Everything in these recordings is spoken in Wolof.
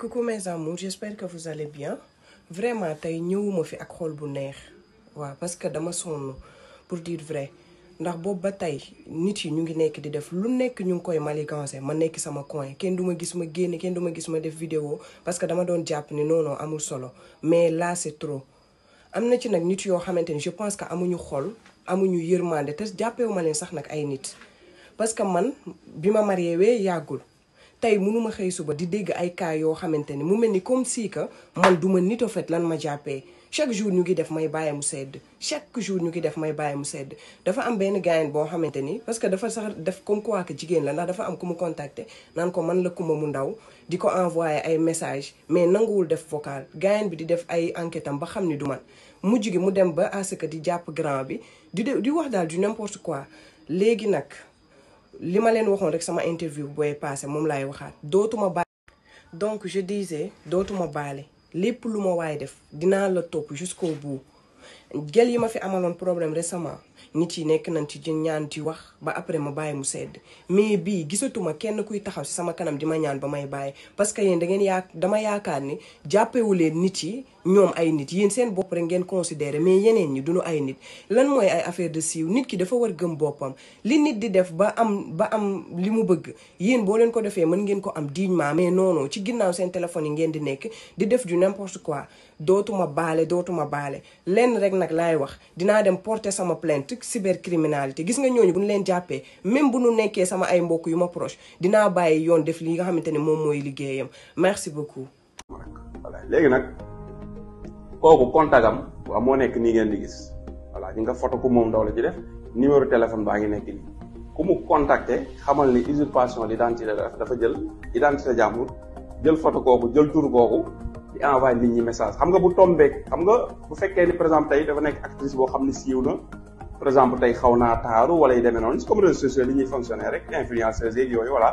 coucou mes amours j'espère que vous allez bien vraiment tey ñëwuma fi ak xol bu neex waaw parce que dama sonn pour diir vrai ndax boobu ba tey nit yi ñu ngi nekk di def lu nekk ñu ngi koy maligancé ma nekk sama coin kenn du ma gis ma génne kenn du ma gis ma def vidéo parce que dama doon jàpp ni non amul solo mais là c'est trop am na ci nag nit yoo xamante ni je pense que amuñu xol amuñu yërmande te jàppewu ma leen sax nag ay nit parce que man bi ma marié wee yàggul tey mënuma xëy suba di dégg ay cas yoo xamante ne mu mel ni comme si que man du ma nit a fait lan ma jàppee chaque jour ñu ngi def may bàyyi mu sedd chaque jour ñu ngi def may bàyyi mu sedd dafa am benn gaayen boo xamante ni parce que dafa sax def comme quoi que jigéen la ndax dafa am ku mu contacter naan ko man la kuma mu ndaw di ko envoyé ay message mais nanguwul def vocal gaayen bi di def ay enquête am ba xam ni du man mujj gi mu dem ba à que di jàpp grand bi di di wax daal du n'importe quoi léegi nag li ma leen waxoon rek sama interview booy passé moom laay waxaat dootuma baale donc je disais dootuma baale lépp lu ma waay def dinaa la topp jusqu'au bout gel yi ma fi amaloon problème récemment nit yi nekk nañ ci ñaan ci wax ba après ma bàyyi mu sedd mais bii gisatuma kenn kuy taxaw si sama kanam di ma ñaan ba may bàyyi parce que yéen da ngeen yaa dama yaakaar ni jàppewu leen nit yi ñoom ay nit yéen seen bopp rek ngeen considéré mais yeneen ñi duñu ay nit lan mooy ay affaire de siiw nit ki dafa war gëm boppam li nit di def ba am ba am li mu bëgg yéen boo leen ko defee mën ngeen ko am dignement maa non non ci ginnaaw seen téléphone yi ngeen di nekk di def du n'importe quoi dootuma baale dootuma baale lenn rek nag laay wax dinaa dem porter sama plainte cybercriminalité gis nga ñooñu bu ñu leen jàppee même bu ñu nekkee sama ay mbokk yu ma proche dinaa bàyyi yoon def li nga xamante ne moom mooy merci beaucoup léegi kooku contact am waaw moo nekk nii ngeen di gis voilà ñu nga foto ku moom daw la ci def numéro téléphone baa ngi nekk nii ku mu contacter xamal ni usurpation d'identité la def dafa jël identité jàmbur jël photo kooku jël tur kooku di envoyé nit ñi message xam nga bu tombeek xam nga bu fekkee ni par exemple tey dafa nekk actrice boo xam ne siiw na par exemple tey xaw naa taaru wala yu demee noonu comme réseaux sociaux li ñuy fonctionner rek influenceuse yeeg yooyu voilà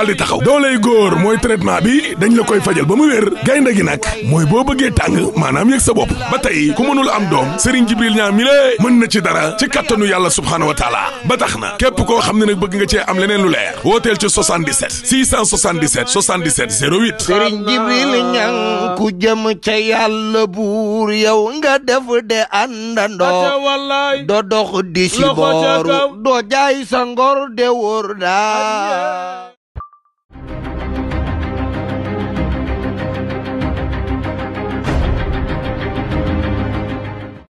daal di taxaw dooley góor mooy traitement bi dañ la koy fajal ba mu wér gaynde gi nag mooy boo bëggee tàng maanaam yëg sa bopp ba tey ku mënul am doom Serigne Jibril Niang mi lée mën na ci dara ci kattanu yàlla subhaanahu wa taala ba tax na képp koo xam ne nag bëgg nga cee am leneen lu leer wooteel ci 77 Jibril Niang jëm ca yàlla buur yow nga def de àndandoo do dox di si booru doo jaay sa ngor de wóor daa